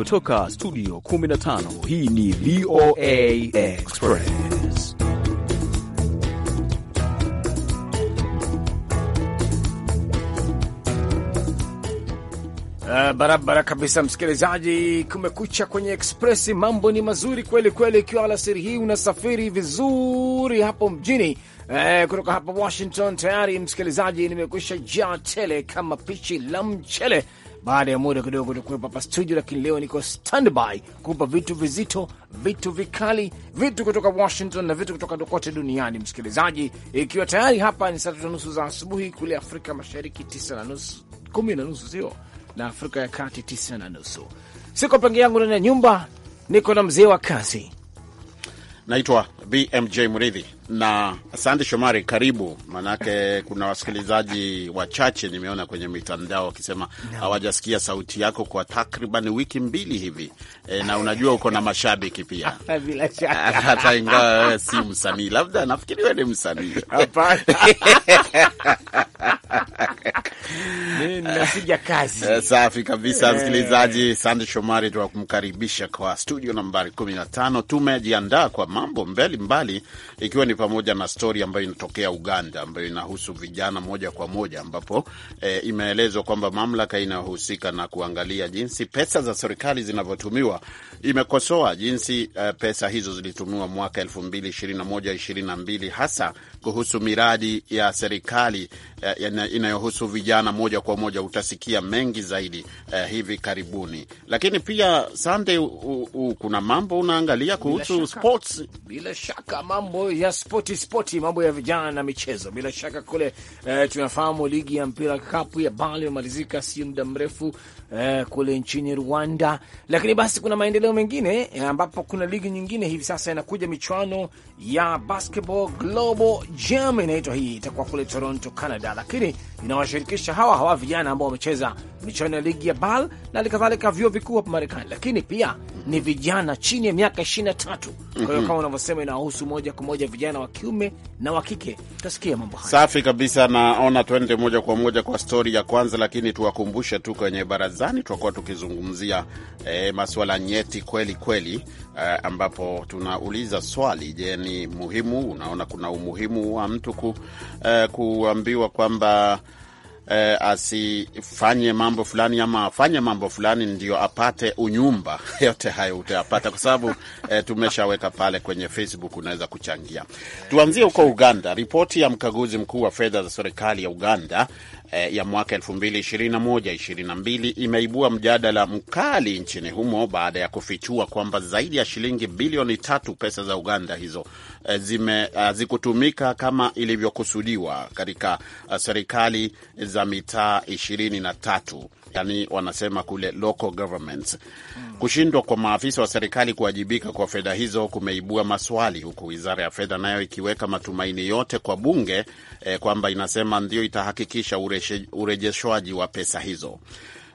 kutoka studio 15 hii ni VOA Express. Uh, barabara kabisa msikilizaji, kumekucha kwenye Express. Mambo ni mazuri kweli kweli, ikiwa alasiri hii unasafiri vizuri hapo mjini Eh, kutoka hapa Washington tayari msikilizaji, nimekwisha jaa tele kama pichi la mchele baada ya muda kidogo tukuwepo hapa studio, lakini leo niko standby kupa vitu vizito, vitu vikali, vitu kutoka Washington na vitu kutoka kote duniani. Msikilizaji, ikiwa tayari hapa ni saa tatu na nusu za asubuhi kule Afrika Mashariki, tisa na nusu, kumi na nusu sio, na Afrika ya Kati tisa na nusu. Siko penge yangu ndani ya nyumba, niko na mzee wa kazi Naitwa BMJ Mridhi na asante Shomari, karibu. Maanake kuna wasikilizaji wachache nimeona kwenye mitandao wakisema hawajasikia no. sauti yako kwa takriban wiki mbili hivi e, na unajua uko na mashabiki pia ah, hata ingawa wewe si msanii, labda nafikiri wewe ni msanii nasija kazi. Eh, safi kabisa, eh. msikilizaji. Sande Shomari, tunakumkaribisha kwa studio nambari 15. Tumejiandaa kwa mambo mbalimbali, ikiwa ni pamoja na stori ambayo inatokea Uganda ambayo inahusu vijana moja kwa moja, ambapo e, imeelezwa kwamba mamlaka inayohusika na kuangalia jinsi pesa za serikali zinavyotumiwa imekosoa jinsi e, pesa hizo zilitumiwa mwaka 2021 22 hasa kuhusu miradi ya serikali e, inayohusu vijana kuhusiana moja kwa moja. Utasikia mengi zaidi eh, hivi karibuni, lakini pia Sande, u, u, kuna mambo unaangalia kuhusu bila shaka, sports. Bila shaka mambo ya spoti spoti, mambo ya vijana na michezo bila shaka kule eh, tunafahamu ligi ya mpira kapu ya Bali imemalizika si muda mrefu eh, kule nchini Rwanda, lakini basi kuna maendeleo mengine eh, ambapo kuna ligi nyingine hivi sasa inakuja michuano ya basketball global jam inaitwa hii, itakuwa kule Toronto, Canada, lakini inawashirikisha kuwakutanisha hawa hawa vijana ambao wamecheza michuano ya ligi ya BAL na halikadhalika vyuo vikuu hapa Marekani, lakini pia ni vijana chini ya miaka ishirini na tatu. Kwa hiyo mhm. kama unavyosema, inawahusu moja kwa moja vijana wa kiume na wa kike. Utasikia mambo haya safi kabisa. Naona twende moja kwa moja kwa stori ya kwanza, lakini tuwakumbushe tu kwenye barazani tutakuwa tukizungumzia eh, masuala nyeti kweli kweli, eh, ambapo tunauliza swali, je, ni muhimu, unaona kuna umuhimu wa mtu ku, eh, kuambiwa kwamba eh, asifanye mambo fulani ama afanye mambo fulani ndio apate unyumba. Yote hayo utayapata kwa sababu eh, tumeshaweka pale kwenye Facebook, unaweza kuchangia. Tuanzie huko Uganda. Ripoti ya mkaguzi mkuu wa fedha za serikali ya Uganda eh, ya mwaka 2021 22 imeibua mjadala mkali nchini humo baada ya kufichua kwamba zaidi ya shilingi bilioni tatu pesa za Uganda hizo eh, zime eh, hazikutumika kama ilivyokusudiwa katika eh, serikali za mitaa 23 yani wanasema kule local governments. Kushindwa kwa maafisa wa serikali kuwajibika kwa fedha hizo kumeibua maswali, huku wizara ya fedha nayo ikiweka matumaini yote kwa bunge eh, kwamba inasema ndio itahakikisha urejeshwaji wa pesa hizo.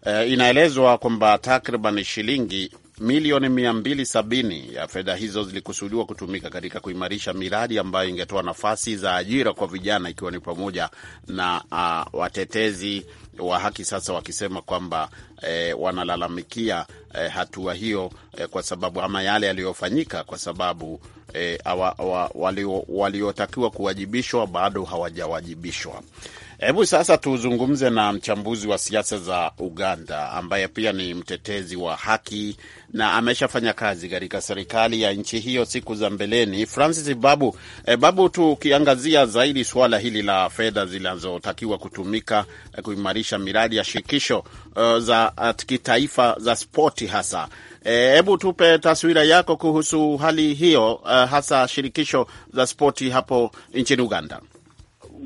Uh, inaelezwa kwamba takriban shilingi Milioni 270 ya fedha hizo zilikusudiwa kutumika katika kuimarisha miradi ambayo ingetoa nafasi za ajira kwa vijana, ikiwa ni pamoja na uh, watetezi wa haki sasa wakisema kwamba eh, wanalalamikia eh, hatua hiyo eh, kwa sababu ama yale yaliyofanyika kwa sababu eh, waliotakiwa kuwajibishwa bado hawajawajibishwa. Hebu sasa tuzungumze na mchambuzi wa siasa za Uganda ambaye pia ni mtetezi wa haki na ameshafanya kazi katika serikali ya nchi hiyo siku za mbeleni, Francis Babu. E, Babu, tukiangazia zaidi suala hili la fedha zinazotakiwa kutumika eh, kuimarisha miradi ya shirikisho uh, za kitaifa za spoti hasa hebu e, tupe taswira yako kuhusu hali hiyo uh, hasa shirikisho za spoti hapo nchini Uganda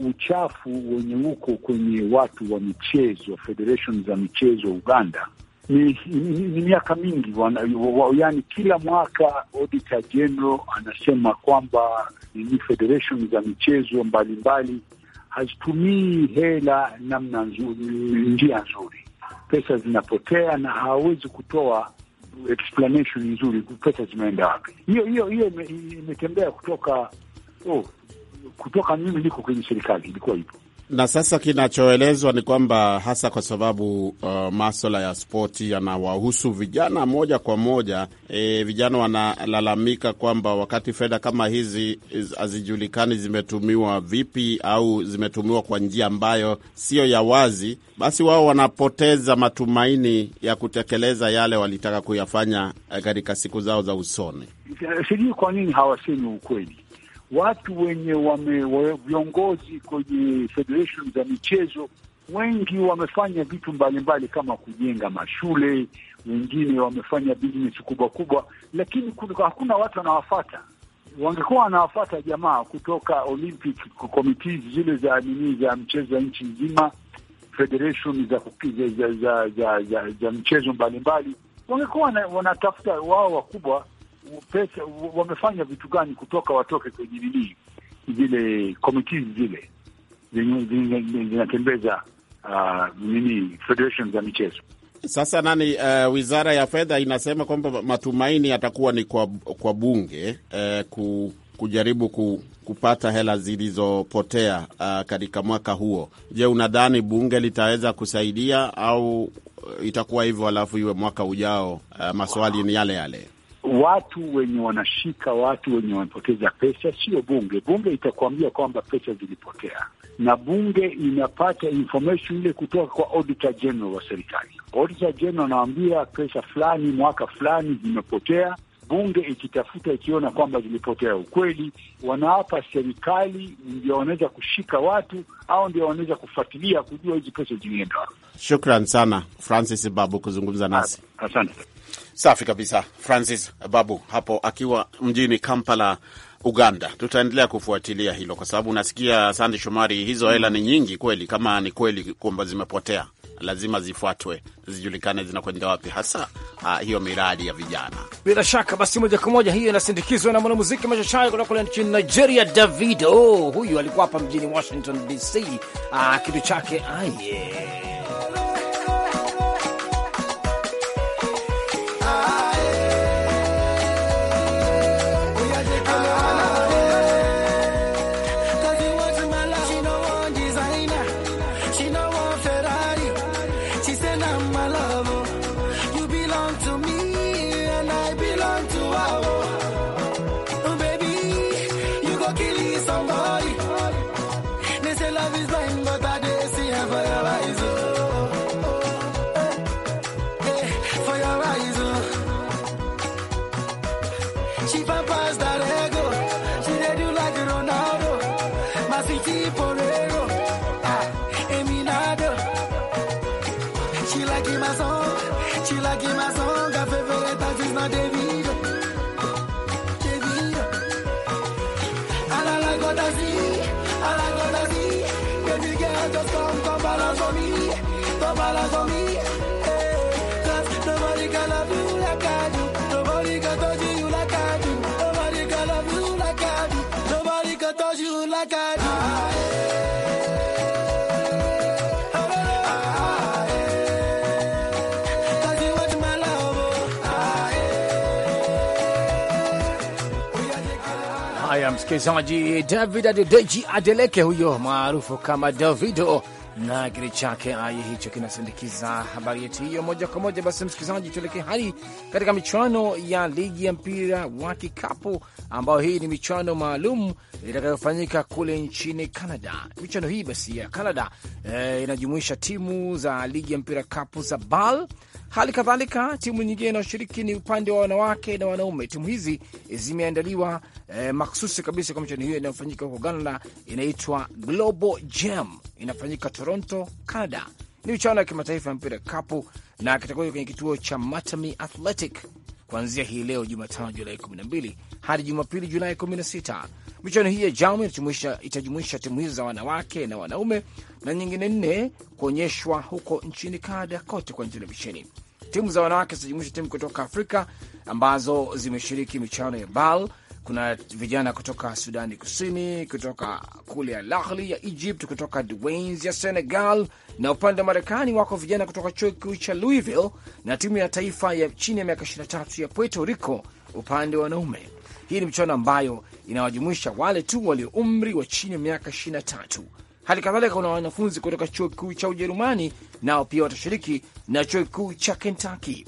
uchafu wenye uko kwenye watu wa michezo, federation za michezo Uganda ni, ni, ni miaka mingi wana, wa, yani kila mwaka auditor general anasema kwamba ni federation za michezo mbalimbali hazitumii hela namna nzuri, njia nzuri, pesa zinapotea na hawawezi kutoa explanation nzuri, pesa zimeenda wapi. Hiyo hiyo hiyo imetembea kutoka oh, kutoka mimi niko kwenye serikali ilikuwa hivyo, na sasa kinachoelezwa ni kwamba hasa kwa sababu uh, maswala ya spoti yanawahusu vijana moja kwa moja. E, vijana wanalalamika kwamba wakati fedha kama hizi hazijulikani zimetumiwa vipi au zimetumiwa kwa njia ambayo siyo ya wazi, basi wao wanapoteza matumaini ya kutekeleza yale walitaka kuyafanya eh, katika siku zao za usoni. Sijui kwa nini hawasemi ukweli watu wenye wame, wame viongozi kwenye federation za michezo wengi wamefanya vitu mbalimbali kama kujenga mashule, wengine wamefanya business kubwa kubwa, lakini hakuna watu wanawafata. Wangekuwa wanawafata jamaa kutoka Olympic committees zile za nini za mchezo wa nchi nzima, federation za za, za, za, za, za mchezo mbalimbali, wangekuwa wanatafuta wao wakubwa pesa wamefanya vitu gani kutoka watoke kwenye nini zile committees zile zinatembeza uh, nini federation za michezo. Sasa nani, uh, wizara ya fedha inasema kwamba matumaini yatakuwa ni kwa, kwa bunge uh, ku, kujaribu ku, kupata hela zilizopotea uh, katika mwaka huo. Je, unadhani bunge litaweza kusaidia au eh, itakuwa hivyo, alafu iwe mwaka ujao uh, maswali wow, ni yale yale? watu wenye wanashika, watu wenye wanapoteza pesa sio bunge. Bunge itakuambia kwamba pesa zilipotea, na bunge inapata information ile kutoka kwa auditor general wa serikali. Auditor general anawambia pesa fulani mwaka fulani zimepotea. Bunge ikitafuta ikiona kwamba zilipotea ukweli, wanawapa serikali ndio wanaweza kushika watu au ndio wanaweza kufuatilia kujua hizi pesa zimeenda Shukran sana Francis Babu kuzungumza nasi, asante. Safi kabisa, Francis Babu hapo akiwa mjini Kampala, Uganda. Tutaendelea kufuatilia hilo kwa sababu unasikia, Sande Shomari, hizo hela ni nyingi kweli. Kama ni kweli kwamba zimepotea, lazima zifuatwe, zijulikane zinakwenda wapi hasa, uh, hiyo miradi ya vijana. Bila shaka basi, moja kwa moja hiyo inasindikizwa na mwanamuziki machachari kutoka kule nchini Nigeria, Davido. Huyu alikuwa hapa mjini Washington DC, uh, ah, kitu chake aye ah, ah. Msikilizaji, David Adedeji Adeleke huyo maarufu kama Davido na kile chake aye hicho kinasindikiza habari yetu hiyo moja kwa moja. Basi msikilizaji, tuelekee hadi katika michuano ya ligi ya mpira wa kikapu, ambayo hii ni michuano maalum itakayofanyika kule nchini Canada. Michuano hii basi ya Canada eh, inajumuisha timu za ligi ya mpira kapu za BAL Hali kadhalika timu nyingine inayoshiriki ni upande wa wanawake na wanaume. Timu hizi zimeandaliwa eh, maksusi kabisa kwa michuano hiyo inayofanyika huko ganada inaitwa Global Jam, inafanyika Toronto, Canada. Ni michuano ya kimataifa ya mpira kapu na kitakuwa kwenye kituo cha Matami Athletic kuanzia hii leo Jumatano Julai 12 hadi Jumapili Julai 16. Michuano hii ya JAM itajumuisha timu hizo za wanawake na wanaume na nyingine nne kuonyeshwa huko nchini Kanada kote kwenye televisheni. Timu za wanawake zitajumuisha timu kutoka Afrika ambazo zimeshiriki michuano ya BAL kuna vijana kutoka Sudani Kusini, kutoka kule ya Ahly ya Egypt, kutoka dwans ya Senegal, na upande wa Marekani wako vijana kutoka chuo kikuu cha Louisville na timu ya taifa ya chini ya miaka 23 ya Puerto Rico upande wa wanaume. Hii ni michuano ambayo inawajumuisha wale tu walio umri wa chini ya miaka 23. Hali kadhalika kuna wanafunzi kutoka chuo kikuu cha Ujerumani, nao pia watashiriki na chuo kikuu cha Kentucky.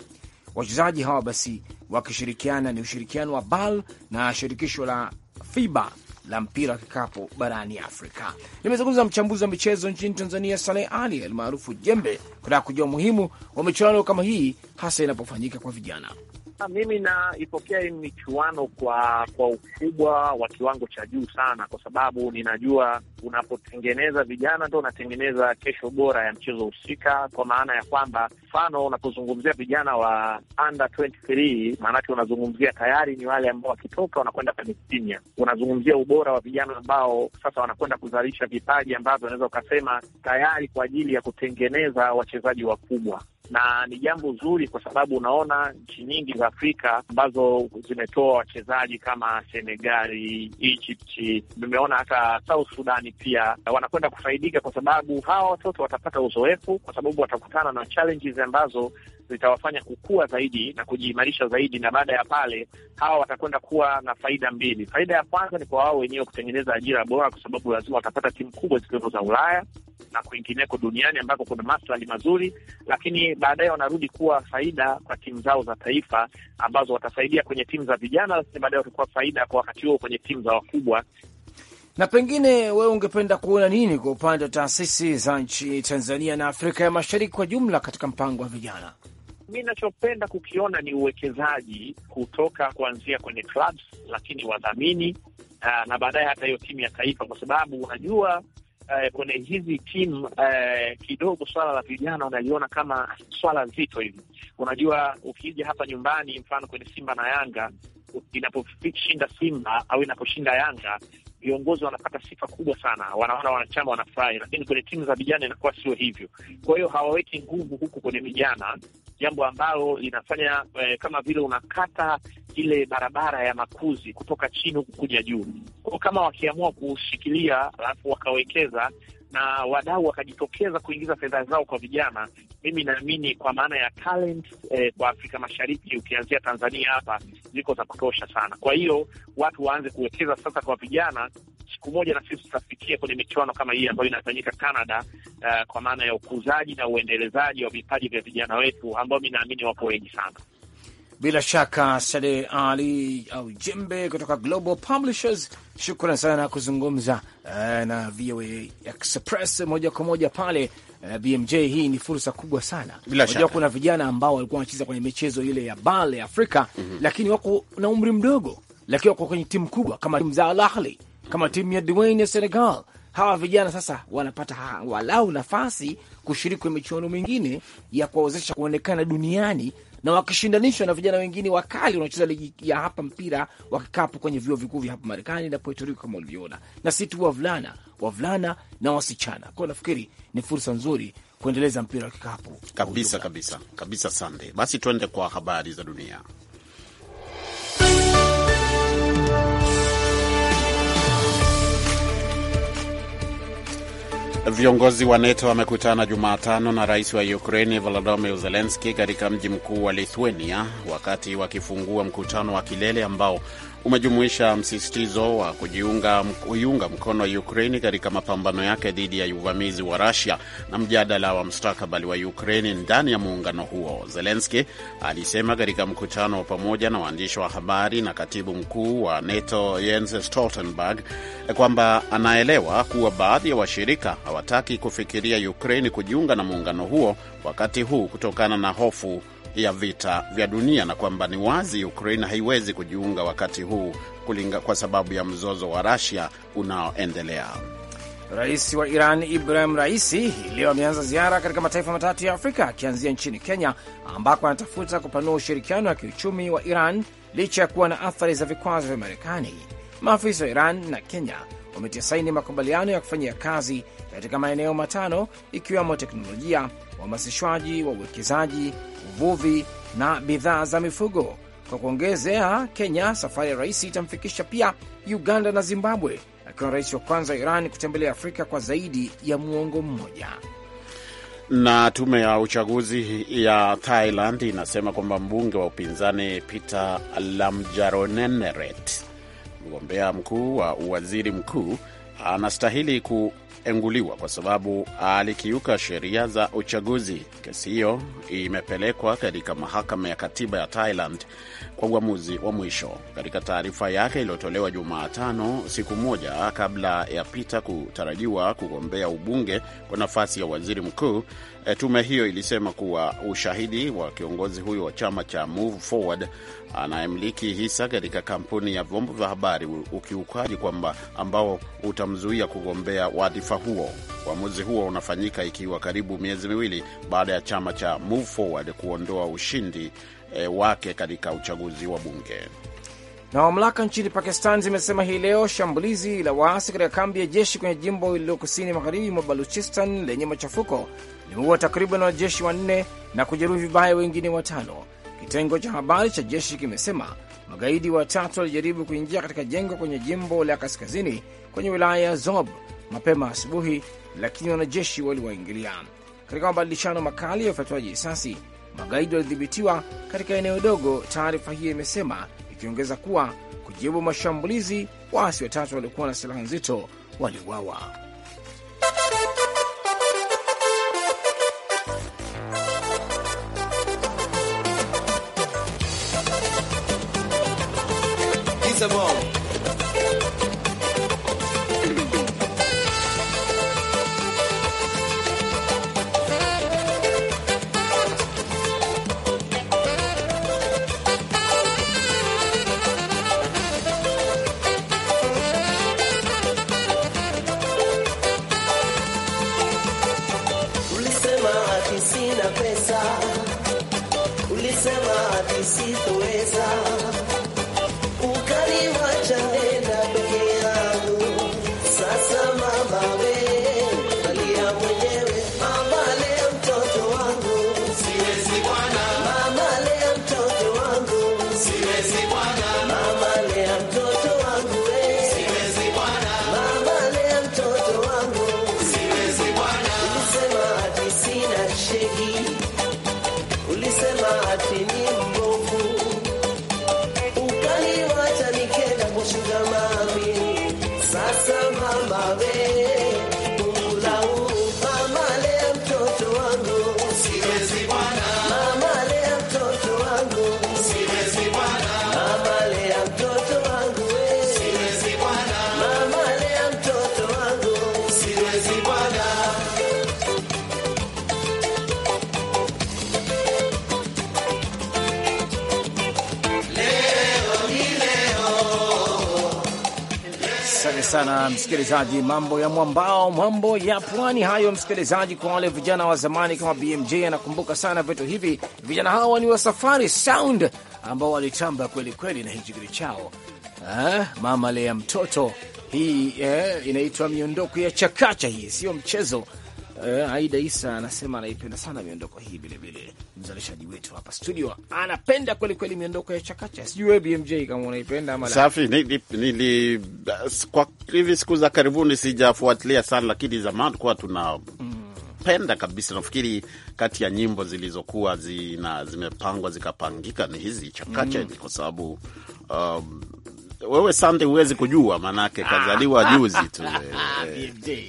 Wachezaji hawa basi wakishirikiana, ni ushirikiano wa BAL na shirikisho la FIBA la mpira wa kikapu barani Afrika. Nimezungumza mchambuzi wa michezo nchini Tanzania, Saleh Ali almaarufu Jembe, kutaka kujua umuhimu wa michuano kama hii, hasa inapofanyika kwa vijana. Ah, mimi naipokea hii michuano kwa kwa ukubwa wa kiwango cha juu sana, kwa sababu ninajua unapotengeneza vijana ndo unatengeneza kesho bora ya mchezo husika, kwa maana ya kwamba mfano unapozungumzia vijana wa under 23 maanake unazungumzia tayari ni wale ambao wakitoka wanakwenda kwenye senior, unazungumzia ubora wa vijana ambao sasa wanakwenda kuzalisha vipaji ambavyo unaweza ukasema tayari kwa ajili ya kutengeneza wachezaji wakubwa na ni jambo zuri, kwa sababu unaona nchi nyingi za Afrika ambazo zimetoa wachezaji kama Senegali, Egypt, nimeona hata South Sudani pia wanakwenda kufaidika, kwa sababu hawa watoto watapata uzoefu, kwa sababu watakutana na challenges ambazo zitawafanya kukua zaidi na kujiimarisha zaidi, na baada ya pale hawa watakwenda kuwa na faida mbili. Faida ya kwanza ni kwa wao wenyewe kutengeneza ajira bora, kwa sababu lazima watapata timu kubwa zikiwepo za Ulaya na kwingineko duniani ambako kuna maslahi mazuri, lakini baadaye wanarudi kuwa faida kwa timu zao za taifa ambazo watasaidia kwenye timu za vijana, lakini baadaye watakuwa faida kwa wakati huo kwenye timu za wakubwa. Na pengine wewe ungependa kuona nini kwa upande wa taasisi za nchi Tanzania na Afrika ya Mashariki kwa jumla katika mpango wa vijana? Mi nachopenda kukiona ni uwekezaji kutoka kuanzia kwenye clubs, lakini wadhamini ah, na baadaye hata hiyo timu ya taifa, kwa sababu unajua eh, kwenye hizi timu eh, kidogo swala la vijana unaliona kama swala zito hivi. Unajua, ukija hapa nyumbani, mfano kwenye Simba na Yanga, inaposhinda Simba au inaposhinda Yanga, viongozi wanapata sifa kubwa sana, wanaona wanachama wanafurahi, lakini kwenye timu za vijana inakuwa sio hivyo. Kwa hiyo hawaweki nguvu huku kwenye vijana jambo ambalo linafanya eh, kama vile unakata ile barabara ya makuzi kutoka chini huku kuja juu. Kwa kama wakiamua kushikilia, alafu wakawekeza na wadau wakajitokeza kuingiza fedha zao kwa vijana, mimi naamini kwa maana ya talent eh, kwa Afrika Mashariki ukianzia Tanzania hapa ziko za kutosha sana. Kwa hiyo watu waanze kuwekeza sasa kwa vijana siku moja na sisi tutafikia kwenye michuano kama hii ambayo inafanyika Canada, uh, kwa maana ya ukuzaji na uendelezaji wa vipaji vya vijana wetu ambao mi naamini wapo wengi sana. Bila shaka Sade Ali au Jembe kutoka Global Publishers, shukran sana kuzungumza uh, na VOA Express moja kwa moja pale uh, eh, BMJ. Hii ni fursa kubwa sana. Unajua kuna vijana ambao walikuwa wanacheza kwenye michezo ile ya bale Afrika, mm -hmm. lakini wako na umri mdogo, lakini wako kwenye timu kubwa kama timu za Al Ahly kama timu ya Dwayne ya Senegal. Hawa vijana sasa wanapata walau nafasi kushiriki kwenye michuano mingine ya kuwawezesha kuonekana duniani na wakishindanishwa na vijana wengine wakali wanaocheza ligi ya hapa mpira wa kikapu kwenye vyuo vikuu vya hapa Marekani na Puerto Rico, kama ulivyoona, na si tu wavulana, wavulana na wasichana. Kwao nafikiri ni fursa nzuri kuendeleza mpira wa kikapu kabisa kabisa kabisa. Sande, basi tuende kwa habari za dunia. Viongozi wa NATO wamekutana Jumatano na rais wa Ukraini Volodymyr zelenski katika mji mkuu wa Lithuania wakati wakifungua mkutano wa kilele ambao umejumuisha msisitizo wa kujiunga kuiunga mkono Ukraini katika mapambano yake dhidi ya uvamizi wa Rusia na mjadala wa mstakabali wa Ukraini ndani ya muungano huo. Zelenski alisema katika mkutano wa pamoja na waandishi wa habari na katibu mkuu wa NATO Jens Stoltenberg kwamba anaelewa kuwa baadhi ya wa washirika hawataki kufikiria Ukraini kujiunga na muungano huo wakati huu kutokana na hofu ya vita vya dunia na kwamba ni wazi Ukraine haiwezi kujiunga wakati huu kulinga kwa sababu ya mzozo wa Russia unaoendelea. Rais wa Iran Ibrahim Raisi hii leo ameanza ziara katika mataifa matatu ya Afrika akianzia nchini Kenya ambako anatafuta kupanua ushirikiano wa kiuchumi wa Iran licha ya kuwa na athari za vikwazo vya Marekani. Maafisa wa Iran na Kenya wametia saini makubaliano ya kufanyia kazi katika maeneo matano ikiwemo teknolojia, uhamasishwaji wa uwekezaji, uvuvi na bidhaa za mifugo. Kwa kuongezea, Kenya safari ya rais itamfikisha pia Uganda na Zimbabwe, akiwa rais wa kwanza wa Iran kutembelea Afrika kwa zaidi ya muongo mmoja. Na tume ya uchaguzi ya Thailand inasema kwamba mbunge wa upinzani Peter Lamjaroneneret, mgombea mkuu wa uwaziri mkuu, anastahili ku ameenguliwa kwa sababu alikiuka sheria za uchaguzi. Kesi hiyo imepelekwa katika mahakama ya katiba ya Thailand kwa uamuzi wa mwisho. Katika taarifa yake iliyotolewa Jumatano, siku moja kabla ya Peter kutarajiwa kugombea ubunge kwa nafasi ya waziri mkuu, eh, tume hiyo ilisema kuwa ushahidi wa kiongozi huyo wa chama cha Move Forward anayemiliki hisa katika kampuni ya vyombo vya habari ukiukaji kwamba ambao utamzuia kugombea wadhifa huo. Uamuzi huo unafanyika ikiwa karibu miezi miwili baada ya chama cha Move Forward kuondoa ushindi e, wake katika uchaguzi wa bunge. Na mamlaka nchini Pakistan zimesema hii leo shambulizi la waasi katika kambi ya jeshi kwenye jimbo lililo kusini magharibi mwa Baluchistan lenye machafuko limeua takriban wanajeshi wanne na kujeruhi vibaya wengine watano. Kitengo cha habari cha jeshi kimesema magaidi watatu walijaribu kuingia katika jengo kwenye jimbo la kaskazini kwenye wilaya ya Zob mapema asubuhi, lakini wanajeshi waliwaingilia. Katika mabadilishano makali ya ufyatuaji risasi, magaidi walidhibitiwa katika eneo dogo, taarifa hiyo imesema, ikiongeza kuwa kujibu mashambulizi, waasi watatu waliokuwa na silaha nzito waliuawa. show. Asante sana msikilizaji, mambo ya mwambao, mambo ya pwani hayo, msikilizaji. Kwa wale vijana wa zamani kama BMJ anakumbuka sana vitu hivi. Vijana hawa ni wa Safari Sound ambao walitamba kweli kweli na hichi kitu chao, ah, mama lea mtoto hii eh, inaitwa miondoko ya chakacha. Hii sio mchezo Uh, Aida Isa anasema anaipenda sana miondoko hii, vilevile mzalishaji wetu hapa studio anapenda kweli miondoko ya chakacha. Sijui wewe BMJ kama unaipenda ama safi. Nili, nili, kwa hivi siku za karibuni sijafuatilia sana, lakini zamani kuwa tuna mm penda kabisa. Nafikiri kati ya nyimbo zilizokuwa zina zimepangwa zikapangika ni hizi chakacha, mm. kwa sababu um, wewe Sande huwezi kujua, maanake ah. kazaliwa juzi tu. Eh, eh,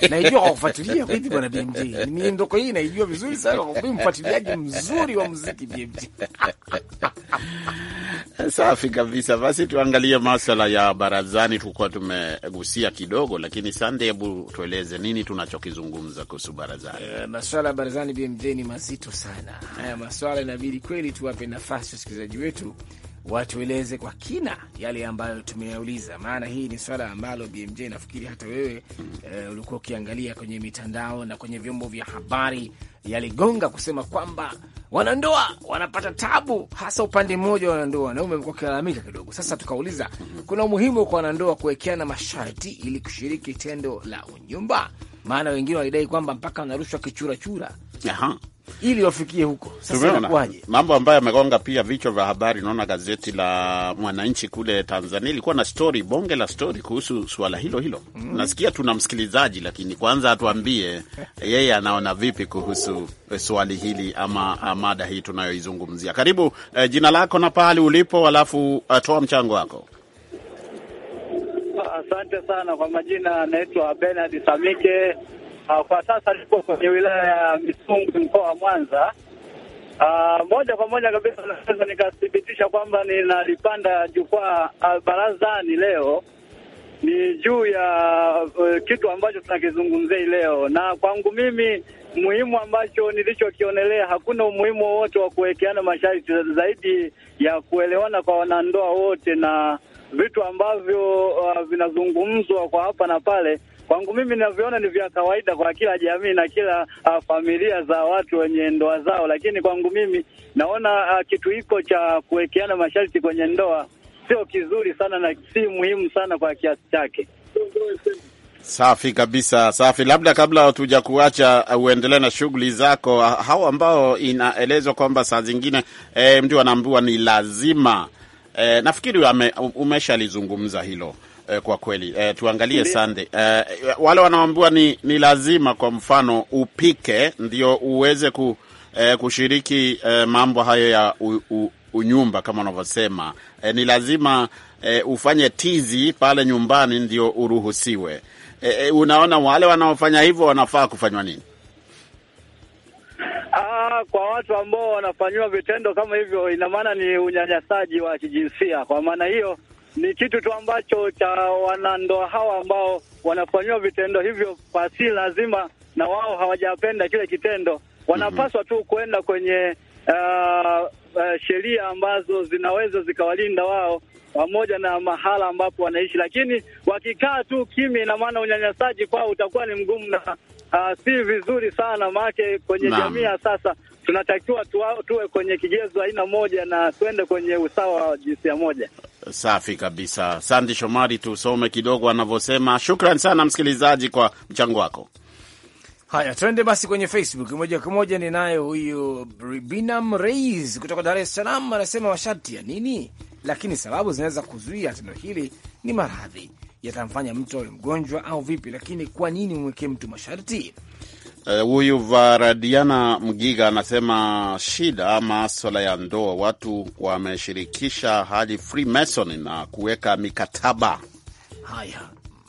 eh. Naijua kwa kufuatilia vipi, bwana BMJ. Miondoko hii naijua vizuri sana, kwa kuwa mfuatiliaji mzuri wa muziki BMJ. Safi kabisa. Basi tuangalie maswala ya barazani, tukuwa tumegusia kidogo, lakini Sande, hebu tueleze nini tunachokizungumza kuhusu barazani. Uh, maswala ya barazani BMJ ni mazito sana haya maswala, inabidi kweli tuwape nafasi wasikilizaji wetu watueleze kwa kina yale ambayo tumeyauliza, maana hii ni swala ambalo BMJ nafikiri hata wewe uh, ulikuwa ukiangalia kwenye mitandao na kwenye vyombo vya habari yaligonga kusema kwamba wanandoa wanapata tabu, hasa upande mmoja wa wanandoa, wanaume wamekuwa wakilalamika kidogo. Sasa tukauliza kuna umuhimu kwa wanandoa kuwekeana masharti ili kushiriki tendo la unyumba, maana wengine walidai kwamba mpaka wanarushwa kichurachura ili wafikie huko. Sasa Mambo ambayo yamegonga pia vichwa vya habari. Naona gazeti la Mwananchi kule Tanzania ilikuwa na stori, bonge la stori kuhusu suala hilo hilo mm. Nasikia tuna msikilizaji, lakini kwanza atuambie yeye anaona vipi kuhusu eh, swali hili ama mada hii tunayoizungumzia. Karibu eh, jina lako na pahali ulipo, alafu atoa mchango wako. Asante sana kwa majina, anaitwa Benard Samike Ah, kwa sasa niko kwenye wilaya ya Misungwi mkoa wa Mwanza. Uh, moja kwa moja kabisa naweza nikathibitisha kwamba ninalipanda jukwaa ah, barazani leo ni juu ya uh, kitu ambacho tunakizungumzia leo, na kwangu mimi muhimu ambacho nilichokionelea, hakuna umuhimu wowote wa kuwekeana masharti zaidi ya kuelewana kwa wanandoa wote na vitu ambavyo uh, vinazungumzwa kwa hapa na pale Kwangu mimi ninavyoona ni vya kawaida kwa kila jamii na kila uh, familia za watu wenye ndoa zao, lakini kwangu mimi naona uh, kitu hiko cha kuwekeana masharti kwenye ndoa sio kizuri sana na si muhimu sana kwa kiasi chake. Safi kabisa, safi. Labda kabla hatuja kuacha ah, uendelee na shughuli zako, hao ambao inaelezwa kwamba saa zingine eh, mtu anaambiwa ni lazima eh, nafikiri umeshalizungumza hilo eh, kwa kweli eh, tuangalie sande eh, wale wanaambiwa ni, ni lazima kwa mfano upike ndio uweze ku, eh, kushiriki eh, mambo hayo ya u, u, unyumba kama unavyosema eh, ni lazima eh, ufanye tizi pale nyumbani ndio uruhusiwe. Eh, eh unaona wale wanaofanya hivyo wanafaa kufanywa nini? Ah, kwa watu ambao wanafanyiwa vitendo kama hivyo, ina maana ni unyanyasaji wa kijinsia. Kwa maana hiyo ni kitu tu ambacho cha wanandoa hawa ambao wanafanyiwa vitendo hivyo pasi lazima, na wao hawajapenda kile kitendo, wanapaswa tu kuenda kwenye uh, uh, sheria ambazo zinaweza zikawalinda wao pamoja na mahala ambapo wanaishi, lakini wakikaa tu kimya, ina maana unyanyasaji kwao utakuwa ni mgumu na uh, si vizuri sana maake kwenye Naam. jamii ya sasa tunatakiwa tuwe kwenye kigezo aina moja na tuende kwenye usawa wa jinsia moja. Safi kabisa, Sandi Shomari, tusome kidogo anavyosema. Shukran sana msikilizaji kwa mchango wako. Haya, tuende basi kwenye Facebook moja kwa moja. Ninayo huyu Binam Reis kutoka Dar es Salaam, anasema masharti ya nini, lakini sababu zinaweza kuzuia tendo hili ni maradhi yatamfanya mtu awe mgonjwa au vipi, lakini kwa nini umwekee mtu masharti? Eh, huyu uh, Varadiana Mgiga anasema shida maswala ya ndoa, watu wameshirikisha hadi Freemason na kuweka mikataba haya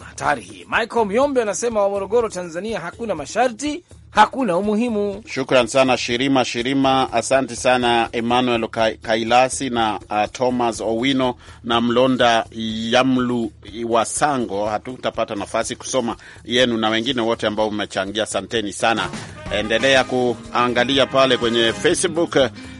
hatari hii. Michael Myombe anasema wa Morogoro, Tanzania, hakuna masharti hakuna umuhimu. Shukran sana Shirima Shirima, asante sana Emmanuel Kailasi na uh, Thomas Owino na Mlonda Yamlu Wasango. Hatutapata nafasi kusoma yenu na wengine wote ambao mmechangia, asanteni sana. Endelea kuangalia pale kwenye Facebook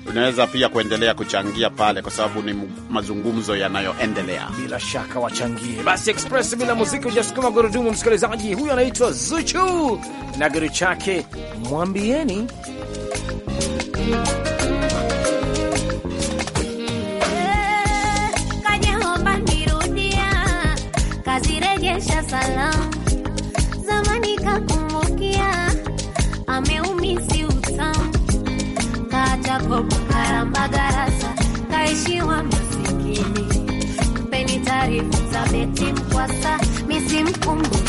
unaweza pia kuendelea kuchangia pale, kwa sababu ni mazungumzo yanayoendelea. Bila shaka wachangie basi. Express bila muziki ujasukuma gurudumu, msikilizaji. Huyu anaitwa Zuchu na gari chake mwambieni Salam. zamani kaku Wabukara kaishiwa kaheshiwa masikini, mpeni taarifa za Beti Mkwasa, misi mkungu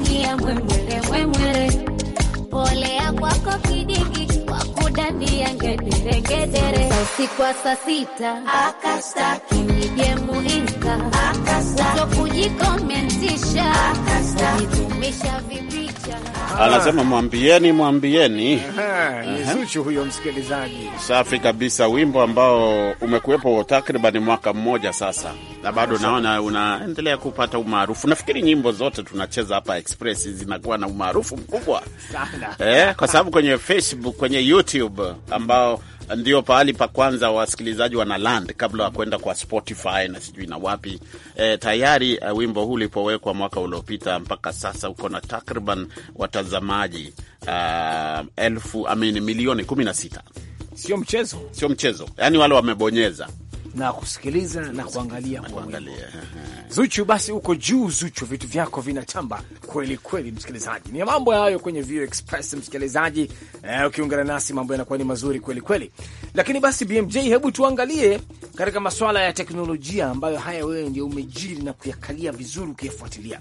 kukuchukia mwemwele mwemwele, polea kwako kidigi kwa kudania ngederengedere, usiku wa saa sita akastaki nije muinsta, utokuji komentisha, vipi Ah. Anasema mwambieni, mwambieni ni Zuchu huyo msikilizaji. Safi kabisa, wimbo ambao umekuwepo takriban mwaka mmoja sasa na bado naona unaendelea kupata umaarufu. Nafikiri nyimbo zote tunacheza hapa Express zinakuwa na umaarufu mkubwa eh, kwa sababu kwenye Facebook, kwenye YouTube ambao ndio pahali pa kwanza wasikilizaji wana land kabla ya kwenda kwa Spotify na sijui na wapi. E, tayari uh, wimbo huu ulipowekwa mwaka uliopita mpaka sasa uko na takriban watazamaji uh, elfu, I mean, milioni kumi na sita. Sio mchezo, sio mchezo, yaani wale wamebonyeza na kusikiliza na kuangalia kuangalia. Zuchu. Basi uko juu Zuchu, vitu vyako vinatamba kweli kweli. Msikilizaji, ni mambo hayo kwenye View Express msikilizaji. Eh, ukiungana nasi mambo yanakuwa ni mazuri kweli kweli. Lakini basi BMJ, hebu tuangalie katika masuala ya teknolojia ambayo haya wewe ndio umejiri na kuyakalia vizuri ukiyafuatilia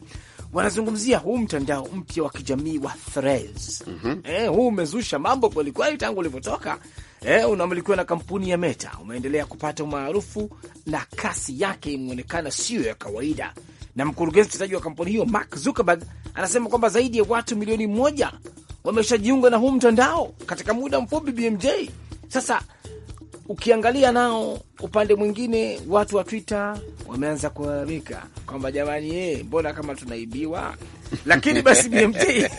wanazungumzia huu mtandao mpya wa kijamii wa Threads. mm -hmm. Eh, huu umezusha mambo kwelikweli tangu ulivyotoka. Eh, unamilikiwa na kampuni ya Meta, umeendelea kupata umaarufu na kasi yake imeonekana siyo ya kawaida, na mkurugenzi mtendaji wa kampuni hiyo Mark Zuckerberg anasema kwamba zaidi ya watu milioni moja wameshajiunga na huu mtandao katika muda mfupi. BMJ sasa ukiangalia nao upande mwingine, watu wa Twitter wameanza kulalamika kwamba jamani, ye, mbona kama tunaibiwa? Lakini basi BMT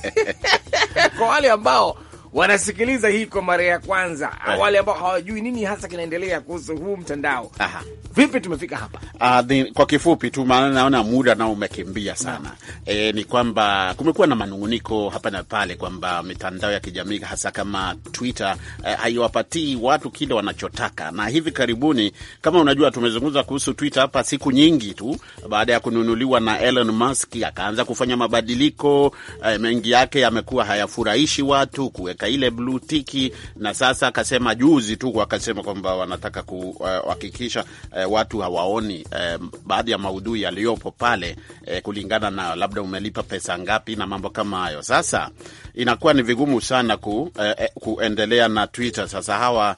kwa wale ambao wanasikiliza hii kwa mara ya kwanza, wale ambao hawajui nini hasa kinaendelea kuhusu huu mtandao. Aha. Vipi tumefika hapa? Uh, ah, the, kwa kifupi tu, maana naona muda nao umekimbia sana. E, ni kwamba kumekuwa na manunguniko hapa na pale kwamba mitandao ya kijamii hasa kama Twitter eh, haiwapatii watu kile wanachotaka, na hivi karibuni, kama unajua, tumezungumza kuhusu Twitter hapa siku nyingi tu baada ya kununuliwa na Elon Musk, akaanza kufanya mabadiliko e, mengi yake yamekuwa hayafurahishi watu kue wanataka ile blue tiki, na sasa akasema juzi tu wakasema kwamba wanataka eh, kuhakikisha uh, uh, watu hawaoni uh, baadhi ya maudhui yaliyopo pale uh, kulingana na labda umelipa pesa ngapi na mambo kama hayo. Sasa inakuwa ni vigumu sana ku, uh, kuendelea na Twitter. Sasa hawa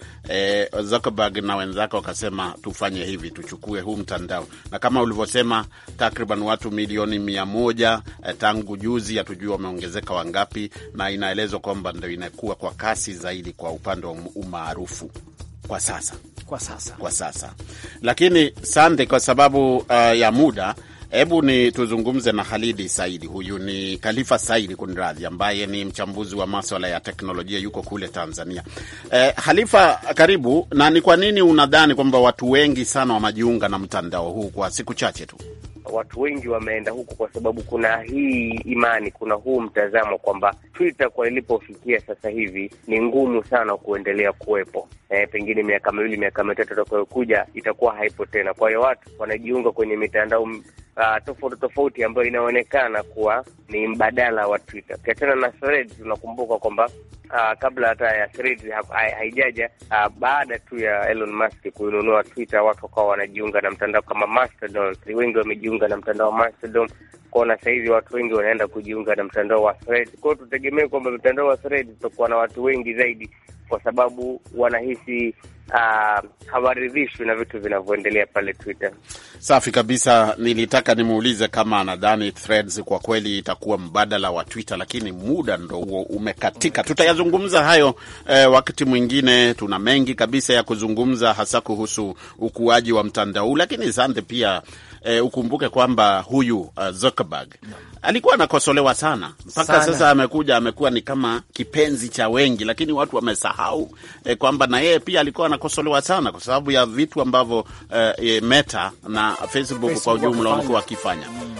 uh, Zuckerberg na wenzake wakasema tufanye hivi, tuchukue huu mtandao, na kama ulivyosema takriban watu milioni mia moja uh, tangu juzi, hatujui wameongezeka wangapi, na inaelezwa kwamba ndio ina imekuwa kwa kasi zaidi kwa upande wa umaarufu kwa sasa, kwa sasa, kwa sasa. Lakini sande, kwa sababu uh, ya muda Hebu ni tuzungumze na Halidi Saidi. Huyu ni Khalifa Saidi kunradhi, ambaye ni mchambuzi wa maswala ya teknolojia, yuko kule Tanzania. Eh, Khalifa, karibu. Na ni kwa nini unadhani kwamba watu wengi sana wamejiunga na mtandao huu kwa siku chache tu? watu wengi wameenda huko kwa sababu kuna hii imani, kuna huu mtazamo kwamba Twitter kwa ilipofikia sasa hivi ni ngumu sana kuendelea kuwepo. E, pengine miaka miwili miaka mitatu itakayokuja itakuwa haipo tena. Kwa hiyo watu wanajiunga kwenye mitandao Uh, tofauti tofauti ambayo inaonekana kuwa ni mbadala wa Twitter. Ukiachana na Threads, tunakumbuka kwamba uh, kabla hata ya threads haijaja, uh, baada tu ya Elon Musk kuinunua Twitter, watu wakawa wanajiunga na mtandao kama Mastodon. Wengi wamejiunga na mtandao wa Mastodon, kuona sasa hivi watu wengi wanaenda kujiunga na mtandao wa Threads. Kwa hiyo tutegemee kwamba mtandao wa Threads utakuwa na watu wengi zaidi kwa sababu wanahisi uh, hawaridhishwi na vitu vinavyoendelea pale Twitter. Safi kabisa. Nilitaka nimuulize kama nadhani Threads kwa kweli itakuwa mbadala wa Twitter, lakini muda ndo huo umekatika. Tutayazungumza hayo eh, wakati mwingine. Tuna mengi kabisa ya kuzungumza, hasa kuhusu ukuaji wa mtandao huu, lakini sante pia eh, ukumbuke kwamba huyu uh, Zuckerberg alikuwa anakosolewa sana mpaka sana. Sasa amekuja amekuwa ni kama kipenzi cha wengi, lakini watu wamesahau eh, kwamba na yeye pia alikuwa anakosolewa sana kwa sababu ya vitu ambavyo eh, eh Meta na Facebook, Facebook kwa ujumla wamekuwa wakifanya mm.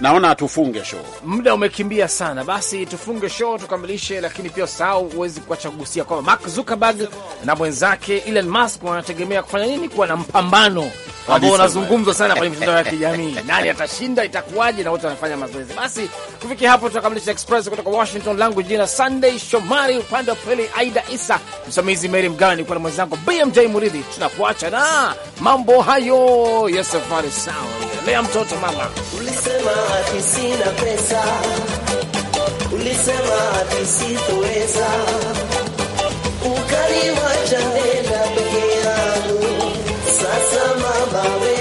Naona tufunge show, muda umekimbia sana. Basi tufunge show tukamilishe, lakini pia usahau, huwezi kuacha kugusia kwamba Mark Zuckerberg na mwenzake Elon Musk wanategemea kufanya nini? Kuwa na mpambano ambao unazungumzwa sana kwenye mitandao ya kijamii, nani atashinda, itakuwaje? Na wote wanafanya mazoezi. Basi kufikia hapo tunakamilisha Express kutoka Washington, langu jina Sunday Shomari, upande wa pili Aida Isa, msimamizi Mary Mgawe, nikuwa na mwenzangu BMJ Muridhi. Tunakuacha na mambo hayo ya safari sawa lea mtoto mama. Ulisema ati sina pesa, ulisema ati sitoweza, ukaniwacha nenda peke yangu. Sasa mama we